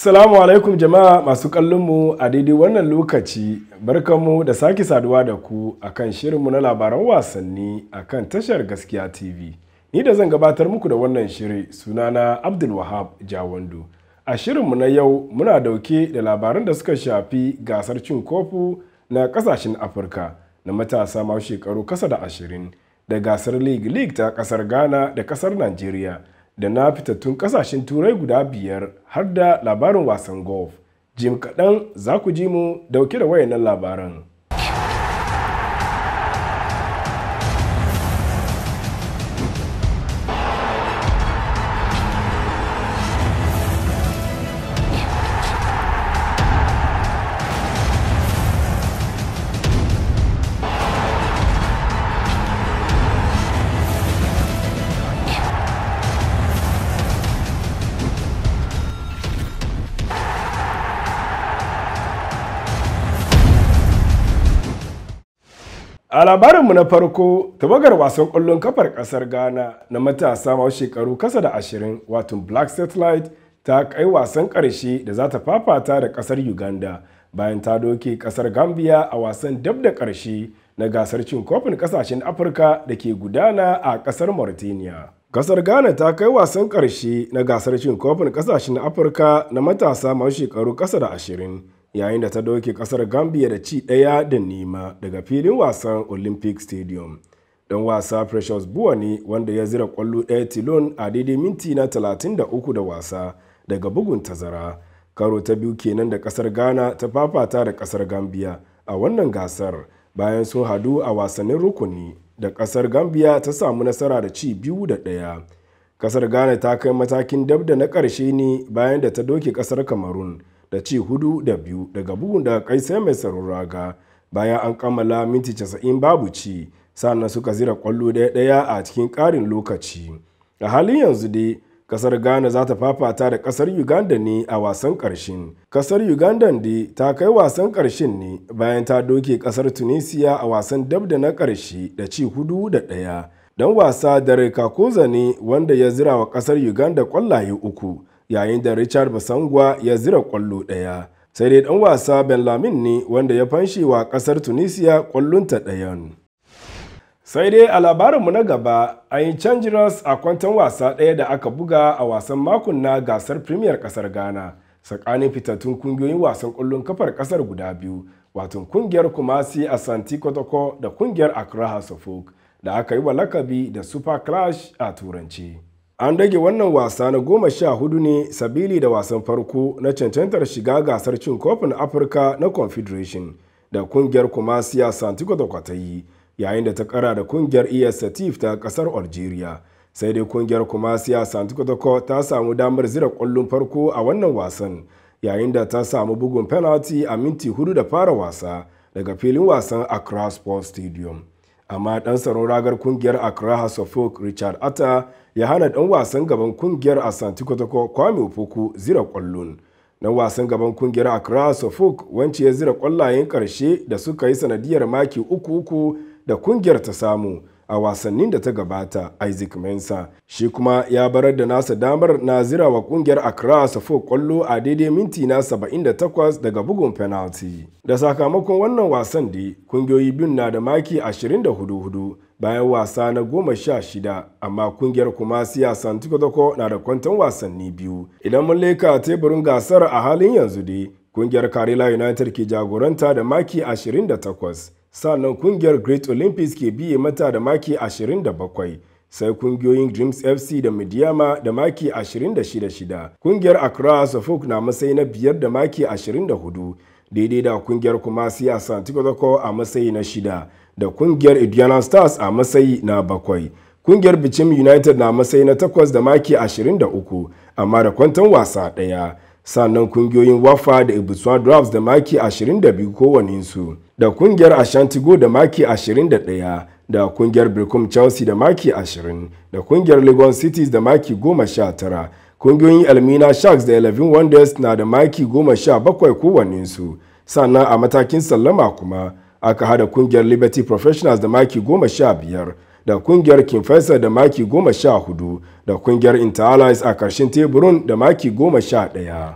Salamu alaikum jama'a masu mu a daidai wannan lokaci barkanmu da sake saduwa da ku a akan shirinmu na labaran wasanni a kan tashar gaskiya TV. Ni da zan gabatar muku da wannan shiri sunana Abdul Wahab Jawando. A shirinmu na yau muna dauke da labaran da suka shafi gasar cin kofu na kasashen Afirka na matasa masu shekaru kasa da ashirin da gasar League League ta kasar Ghana da kasar Najeriya. da na fitattun kasashen turai guda biyar har da labarin wasan golf jim kaɗan za ku ji mu dauke da wayannan labaran A labarinmu na farko, tabagar wasan ƙwallon kafar ƙasar Ghana na matasa masu shekaru kasa da ashirin wato Black Satellite ta kai wasan ƙarshe da za ta fafata da ƙasar Uganda bayan ta doke ƙasar Gambia a wasan dab da ƙarshe na gasar cin kofin ƙasashen Afirka da ke gudana a ƙasar Mauritania. Ƙasar Ghana ta kai wasan ƙarshe na gasar cin kofin ƙasashen Afirka na matasa masu shekaru kasa da ashirin. yayin da ta doke kasar gambia da ci daya da nema daga filin wasan olympic stadium don wasa precious ne wanda ya zira kwallo daya tilon a daidai minti na 33 da wasa daga bugun tazara karo ta biyu kenan da kasar ghana ta fafata da kasar gambia a wannan gasar bayan sun hadu a wasannin rukuni da kasar gambia ta samu nasara da ci biyu da daya kasar ghana ta kai matakin dab da na ƙarshe ne bayan da ta doke kasar kamarun. da ci hudu da biyu daga bugun da kaisai mai tsaron raga bayan an kammala minti 90 babu ci sannan suka zira kwallo daya daya a cikin karin lokaci a halin yanzu dai kasar ghana za ta fafata da kasar uganda ne a wasan karshen kasar uganda dai ta kai wasan karshen ne bayan ta doke kasar tunisia a wasan dab da na karshe da ci hudu da daya don wasa da kakoza ne wanda ya zira wa kasar uganda kwallaye uku yayin da richard basangwa ya zira kwallo ɗaya sai dai ɗan wasa benlamin ne wanda ya fanshi wa ƙasar tunisia kwallonta ɗayan sai dai a labarinmu na gaba a yi canjiras a kwantan wasa ɗaya da aka buga a wasan makon na gasar premier ƙasar ghana tsakanin fitattun kungiyoyin wasan ƙwallon kafar ƙasar guda biyu wato kungiyar kumasi santi kotoko da kungiyar accra house da aka yi wa lakabi da super clash a turanci an rage wannan wasa na goma sha hudu ne sabili da wasan farko na cancantar shiga gasar cin kofin afirka na confederation da kungiyar kumasiya santiago da kwata yi yayin da ta kara da kungiyar esatif ta kasar algeria sai dai kungiyar kumasiya santiago ta samu damar zira kwallon farko a wannan wasan yayin da ta samu bugun penalty a minti hudu da fara wasa daga filin wasan accra sports stadium amma ɗan tsaron ragar kungiyar accra house of folk richard atta ya hana ɗan wasan gaban kungiyar asante kotoko kwame opoku zira kwallon dan wasan gaban kungiyar accra house of folk wance ya zira kwallayen ƙarshe da suka yi sanadiyar maki uku uku da kungiyar ta samu a wasannin da ta gabata Isaac Mensa shi kuma ya barar da nasa damar na wa kungiyar Accra Safo kwallo a daidai minti na 78 daga bugun penalty. Da sakamakon wannan wasan dai kungiyoyi biyun na da maki 24 bayan wasa na goma sha shida amma kungiyar kuma siyasan tukwatakwako na da kwantan wasanni biyu idan mun leka teburin gasar a halin yanzu dai kungiyar karela united ke jagoranta da maki 28 sannan kungiyar great olympics ke biye mata da maki 27 sai kungiyoyin dreams fc da midiyama da maki 26 kungiyar accra suffolk na matsayi na biyar da maki 24 daidai da kungiyar kumasi a santikozako a matsayi na shida da kungiyar indiana stars a matsayi na bakwai kungiyar bichim united na matsayi na takwas da maki 23 amma da kwantan wasa ɗaya sannan kungiyoyin wafa da ibiswa drafts da maki 22 su da kungiyar ashantigo da maki 21 da kungiyar birkum chelsea da maki 20 da kungiyar lagos cities da maki 19 kungiyoyin elmina sharks da 11 wonders na da maki 17 su sannan a matakin sallama kuma aka hada kungiyar liberty professionals da maki 15 da kungiyar King da maki goma sha hudu da kungiyar Interallies a ƙarshen teburin da maki goma sha ɗaya.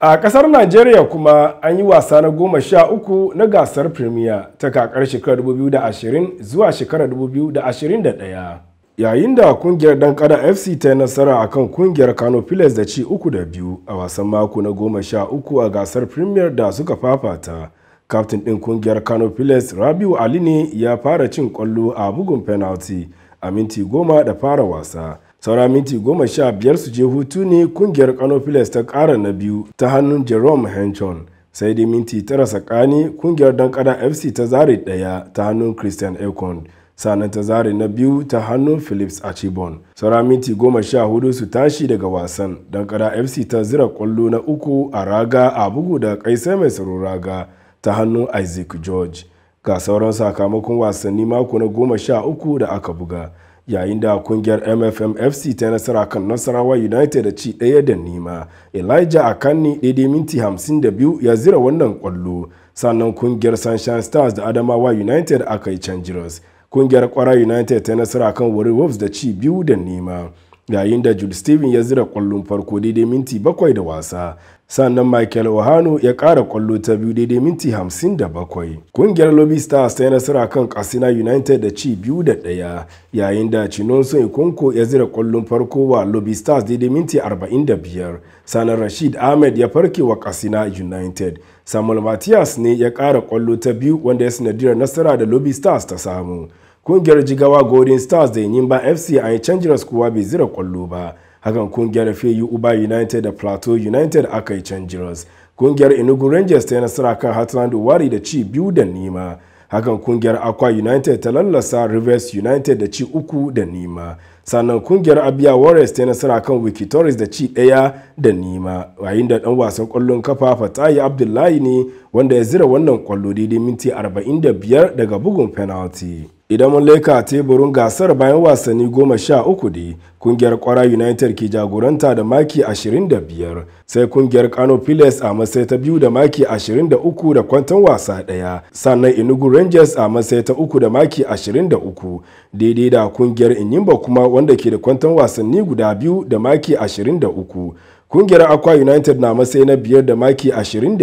A ƙasar Najeriya kuma an yi wasa na goma sha uku na gasar Premier ta kakar shekara 2020 zuwa shekara 2021. Yayin da kungiyar dan kada FC ta yi nasara akan kungiyar Kano Pilas da ci uku da biyu a wasan mako na goma sha uku a gasar Premier da suka fafata. kaftin ɗin kungiyar kano Pilates rabiu ali ne ya fara cin kwallo a bugun penalty a minti goma da fara wasa saura minti goma sha biyar su je hutu ne kungiyar kano Pilates ta ƙara na biyu ta hannun jerome henchon sai dai minti tara tsakani kungiyar dankada fc ta zare ɗaya ta hannun christian Ekon. sannan ta zare na biyu ta hannun philips achibon saura minti goma sha hudu su tashi daga wasan dankada fc ta zira kwallo na uku a raga a bugu da kai sai mai tsaro raga ta hannun isaac george ga sauran sakamakon wasanni mako na goma sha uku da aka buga yayin da kungiyar mfm fc ta nasara kan nasarawa united da ci daya da nima elijah akanni daidai minti 52 ya zira wannan kwallo sannan kungiyar sunshine stars da adamawa united aka yi ras kungiyar kwara united ta nasara kan wari wolves da ci biyu da nema yayin da jude steven ya zira kwallon farko daidai minti bakwai da wasa sannan michael ohano ya kara kwallo ta biyu daidai minti 57 kungiyar lobby stars ta yi nasara kan kasina united da ci biyu da ɗaya yayin da chinonso ikonko ya zira kwallon farko wa lobby stars daidai minti 45 sannan rashid ahmed ya farke wa kasina united samuel matias ne ya kara kwallo ta biyu wanda ya sanadiyar nasara da lobby stars ta samu kungiyar jigawa golden stars da ba fc a yi canjin kuwa bai zira kwallo ba hakan kungiyar fayu uba united da plateau united aka yi can jiros kungiyar enugu rangers ta yi nasara kan hatland wari da ci biyu da nima hakan kungiyar aqua united ta lallasa rivers united da ci uku da nima sannan kungiyar abia warriors ta yi nasara kan wikitoris da ci daya da nima yayin da dan wasan kwallon kafa fatayi abdullahi ne wanda ya zira wannan kwallo daidai minti 45 daga bugun penalty idan mun leka teburin gasar bayan wasanni goma sha uku ne kungiyar kwara united ke jagoranta da maki 25 sai kungiyar kano pilas a matsayi ta biyu da maki 23 da kwantan wasa daya sannan inugu rangers a matsayi ta uku da maki 23 daidai da kungiyar inyimba kuma wanda ke da kwantan wasanni guda biyu da maki 23 kungiyar Akwa united na matsayi na biyar da maki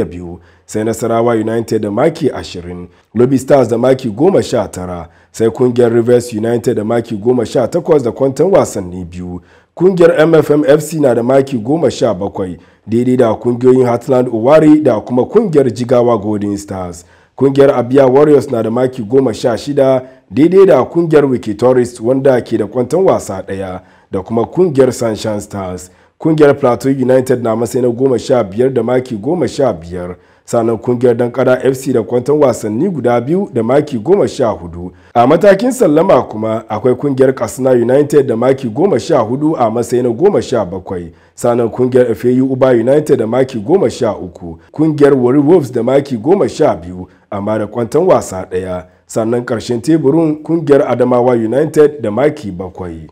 biyu. sai nasarawa united da maki 20 lobby stars da maki 19 sai kungiyar rivers united da maki 18 da kwantan wasanni biyu kungiyar mfm fc na da maki 17 daidai da kungiyoyin heartland owari da kuma kungiyar jigawa golden stars kungiyar abia warriors na da maki 16 daidai da kungiyar wikitoris wanda ke da kwantan wasa daya da kuma kungiyar sunshine stars kungiyar plateau united na masai na 15 da maki 15 sannan kungiyar kada fc da kwantan wasanni guda biyu da maki goma sha hudu a matakin sallama kuma akwai kungiyar kasna united da maki goma sha hudu a matsayi na goma sha bakwai sannan kungiyar fau uba united da maki goma sha uku kungiyar wari wolves da maki goma sha biyu amma da kwantan wasa ɗaya sannan ƙarshen teburin kungiyar adamawa united da maki bakwai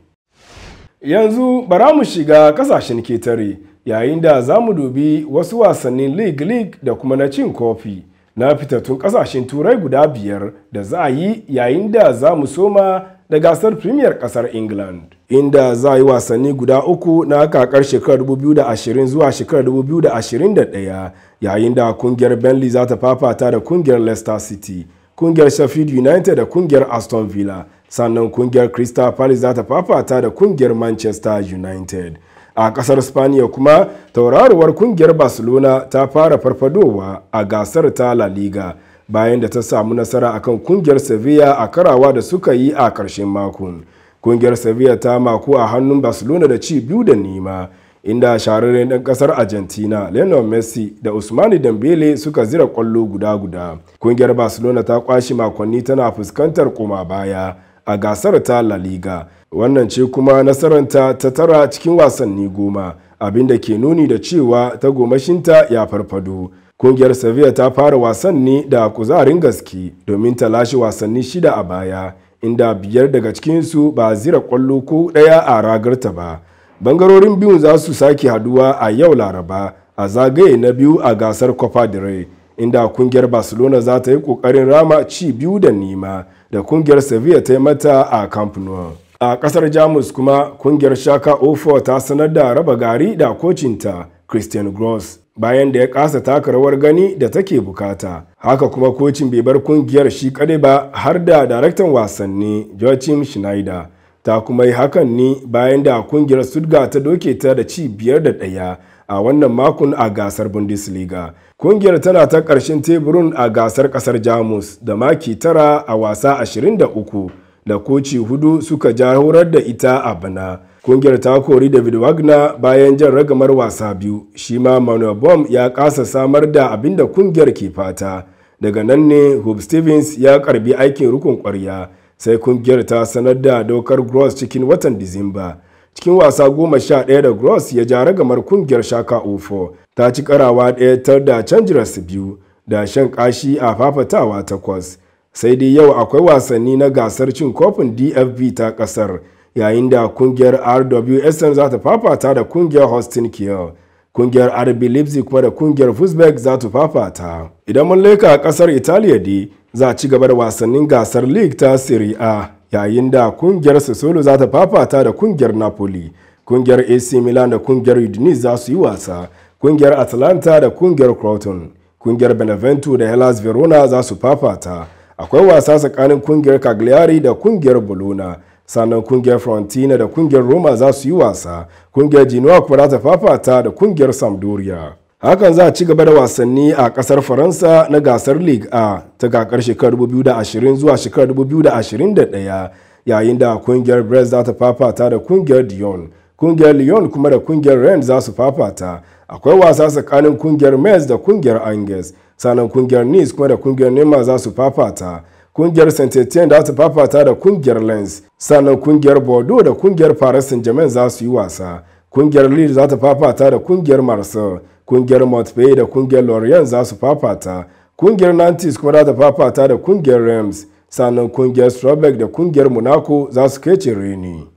yanzu bara mu shiga kasashen ketare yayin da za mu dubi wasu wasannin league league da kuma na cin kofi na fitattun kasashen turai guda biyar da za a yi yayin da za mu soma da gasar premier kasar england inda za a yi wasanni guda uku na kakar shekarar 2020 zuwa shekarar 2021 yayin da kungiyar benley za ta fafata da kungiyar leicester city kungiyar sheffield united da kungiyar aston villa sannan kungiyar crystal palace za ta fafata da kungiyar manchester united a kasar spaniya kuma tauraruwar kungiyar barcelona ta fara farfadowa a gasar ta la liga bayan da ta samu nasara akan kungiyar sevilla a karawa da suka yi a karshen mako. kungiyar sevilla ta maku a hannun barcelona da ci biyu da nima inda shahararren ɗan ƙasar argentina lionel messi da usmani dembele suka zira ƙwallo guda-guda kungiyar barcelona ta kwashi makonni tana fuskantar koma baya a gasar ta La Liga. Wannan ce kuma nasaranta ta tara cikin wasanni goma, abinda ke nuni da cewa ta gomashinta ya farfado. Kungiyar Sevilla ta fara wasanni da kuzarin gaske domin ta lashe wasanni shida a baya, inda biyar daga cikinsu ba zira kwallo ko ɗaya a ragarta ba. Bangarorin biyun za su sake haduwa a yau Laraba a zagaye na biyu a gasar Copa del Rey, inda kungiyar Barcelona za ta yi ƙoƙarin rama ci biyu da nima. da kungiyar sevilla ta yi mata a camp nou a kasar jamus kuma kungiyar shaka ofo ta sanar da raba gari da kocinta christian gross bayan da ya kasa taka rawar gani da take bukata haka kuma kocin bai bar kungiyar shi kadai ba har da daraktan wasanni joachim schneider ta kuma yi hakan ne bayan da kungiyar sudga ta doke ta da ci biyar da ɗaya a wannan makon a gasar Bundesliga. Kungiyar tana ta ƙarshen teburin a gasar ƙasar Jamus da maki tara a wasa 23 da koci hudu suka jahorar da ita a bana. Kungiyar ta kori David Wagner bayan jan ragamar wasa biyu, shi ma Manuel Bom ya kasa samar da abin da kungiyar ke fata. Daga nan ne hub Stevens ya karbi aikin rukun kwarya, sai kungiyar ta sanar da dokar Gross cikin watan Disamba. cikin wasa goma sha ɗaya da gross ya ja gamar kungiyar shaka ofo ta ci karawa ɗaya tar da canjiras biyu da shan kashi a fafatawa takwas sai dai yau akwai wasanni na gasar cin kofin dfb ta ƙasar yayin da kungiyar rwsn za ta fafata da kungiyar Hostin kiel kungiyar rb leipzig kuma da kungiyar fusberg za ta fafata idan mun leka a ƙasar italiya dai za a ci gaba da wasannin gasar league ta serie a yayin da kungiyar sassolo za ta fafata da kungiyar Napoli kungiyar AC Milan da kungiyar Udinese za su yi wasa kungiyar atlanta da kungiyar Croton kungiyar Benevento da Hellas Verona za su fafata akwai wasa tsakanin kungiyar Cagliari da kungiyar Bologna sannan kungiyar frontina da kungiyar Roma za su yi wasa kungiyar Genoa kuma za ta fafata da kungiyar Sampdoria hakan za a ci gaba da wasanni a kasar faransa na gasar league a ta kakar shekarar 2020 zuwa shekarar 2021 yayin da kungiyar brest za ta fafata da kungiyar dion kungiyar lyon kuma da kungiyar rennes za su fafata akwai wasa tsakanin kungiyar metz da kungiyar angers sannan kungiyar nice kuma da kungiyar nema za su fafata kungiyar saint etienne za ta fafata da kungiyar lens sannan kungiyar bordeaux da kungiyar paris saint germain za su yi wasa kungiyar lille za ta fafata da kungiyar marseille kungiyar Montpellier da kungiyar Lorient za su fafata kungiyar Nantes kuma za ta fafata da kungiyar rams sannan kungiyar Strasbourg da kungiyar Monaco za su kece reni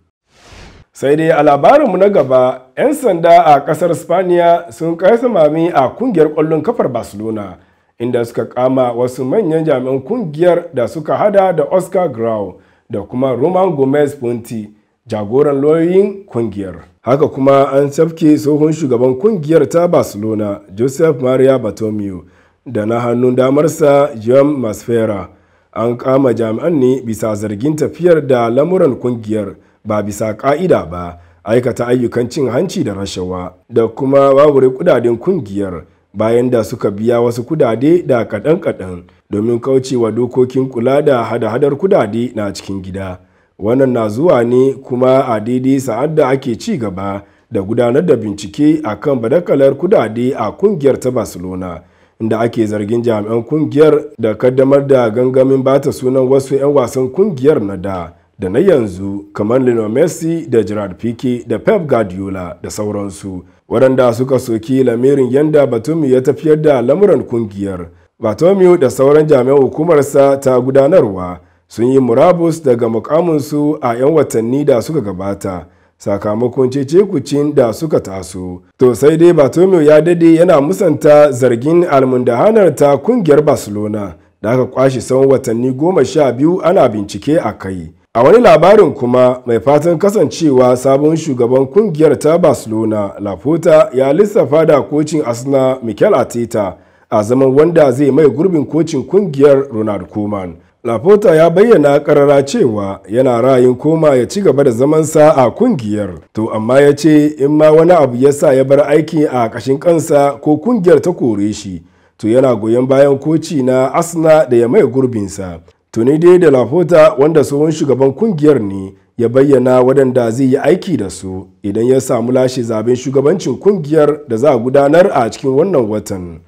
sai dai a labarinmu na gaba 'yan sanda a kasar Spaniya sun kai mami a kungiyar kwallon kafar Barcelona inda suka kama wasu manyan jami'an kungiyar da suka hada da Oscar Grau da kuma Roman Gomez Ponti jagoran loyoyin kungiyar. haka kuma an tafke tsohon shugaban kungiyar ta barcelona joseph maria batomio da na hannun damarsa juan masfera an kama jami'an ne bisa zargin tafiyar da lamuran kungiyar ba bisa ka'ida ba aikata ayyukan cin hanci da rashawa da kuma wawure kudaden kungiyar bayan da suka biya wasu kudade da kaɗan-kaɗan domin kauce wa dokokin kula da hada-hadar kudade na cikin gida wannan na zuwa ne kuma a daidai sa'ad da ake ci gaba da gudanar da bincike a kan badakalar kudade a kungiyar ta barcelona inda ake zargin jami'an kungiyar da kaddamar da gangamin bata sunan wasu 'yan wasan kungiyar na da da na yanzu kamar lionel messi da gerard pique da pep guardiola da sauransu waɗanda suka soki lamirin yanda batumi ya tafiyar da lamuran kungiyar batomio da sauran jami'an hukumarsa ta gudanarwa sun yi murabus daga mukaminsu a 'yan watanni da suka gabata sakamakon cecekucin da suka taso to sai dai batomio ya dade yana musanta zargin almundahanar ta kungiyar barcelona da aka kwashe tsawon watanni goma sha biyu ana bincike a kai a wani labarin kuma mai fatan kasancewa sabon shugaban kungiyar ta barcelona Laputa ya lissafa da kocin asna mikel ateta a zaman wanda zai mai gurbin kocin kungiyar ronald koeman Lafota ya bayyana karara cewa yana rayin koma ya ci gaba da zamansa a kungiyar, to amma ya ce in ma wani abu ya sa ya bar aiki a ƙashin kansa ko kungiyar ta kore shi, to yana goyon bayan koci na Asna da ya mai gurbinsa. ni dai da Lafota wanda tsohon shugaban kungiyar ne ya bayyana waɗanda zai yi aiki da su idan ya samu lashe zaben shugabancin kungiyar da za a gudanar a cikin wannan watan.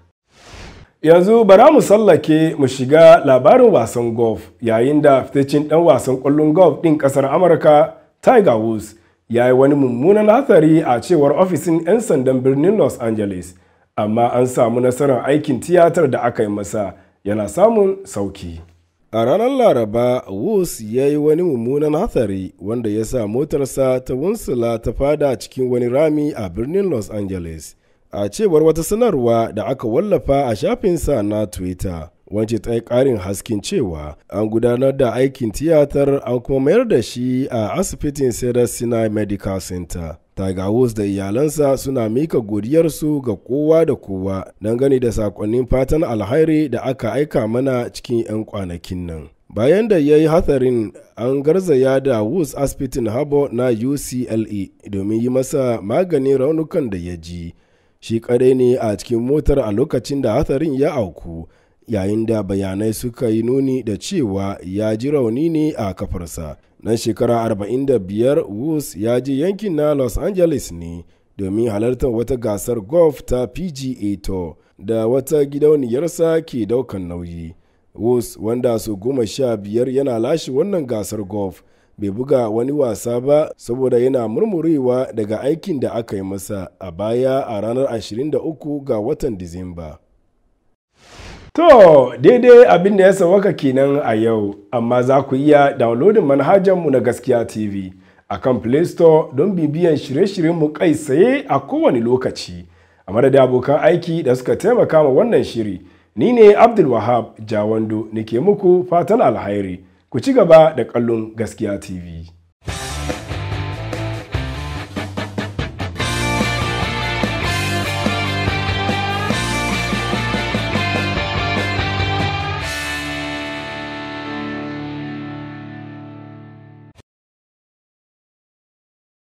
yanzu bara mu sallake mu shiga labarin wasan golf yayin da fitaccen ɗan wasan kwallon golf ɗin ƙasar amurka tiger woods ya yi wani mummunan hatsari a cewar ofisin 'yan sandan birnin los angeles amma an samu nasarar aikin tiyatar da aka yi masa yana samun sauki a ranar laraba woods ya yi wani mummunan hatsari wanda ya sa motarsa ta wunsula ta fada cikin wani rami a birnin los angeles a cewar wata sanarwa da aka wallafa a shafinsa na twitter wance ta karin hasken cewa an gudanar da aikin tiyatar an kuma mayar da shi a asibitin cedar sinai medical center tagawus da iyalansa suna mika godiyarsu ga kowa da kowa gani da sakonnin fatan alhairi da aka aika mana cikin 'yan kwanakin nan bayan da ya yi hatsarin an garzaya da woods asibitin harbor na ucle domin yi masa maganin raunukan da ya ji shi kadai ne a cikin motar a lokacin da hatsarin ya auku yayin da bayanai suka yi nuni da cewa ya ji rauni ne a kafarsa nan shekara 45 woods ya je yankin na los angeles ne domin halartar wata gasar golf ta pga tour da wata gidauniyarsa ke daukan nauyi woods wanda su goma sha biyar yana lashe wannan gasar golf bai buga wani wasa ba saboda yana murmurewa daga aikin da aka yi masa a baya a ranar 23 ga watan Disamba. To, daidai abin da ya sawaka kenan a yau, amma za ku iya downloadin manhajanmu na gaskiya TV a kan Play Store don bibiyan shirye mu kai tsaye a kowane lokaci. A madadin abokan aiki da suka taimaka ma wannan shiri, ni ne abdulwahab jawando Jawando nake muku fatan alhairi. ku ci gaba da kallon gaskiya tv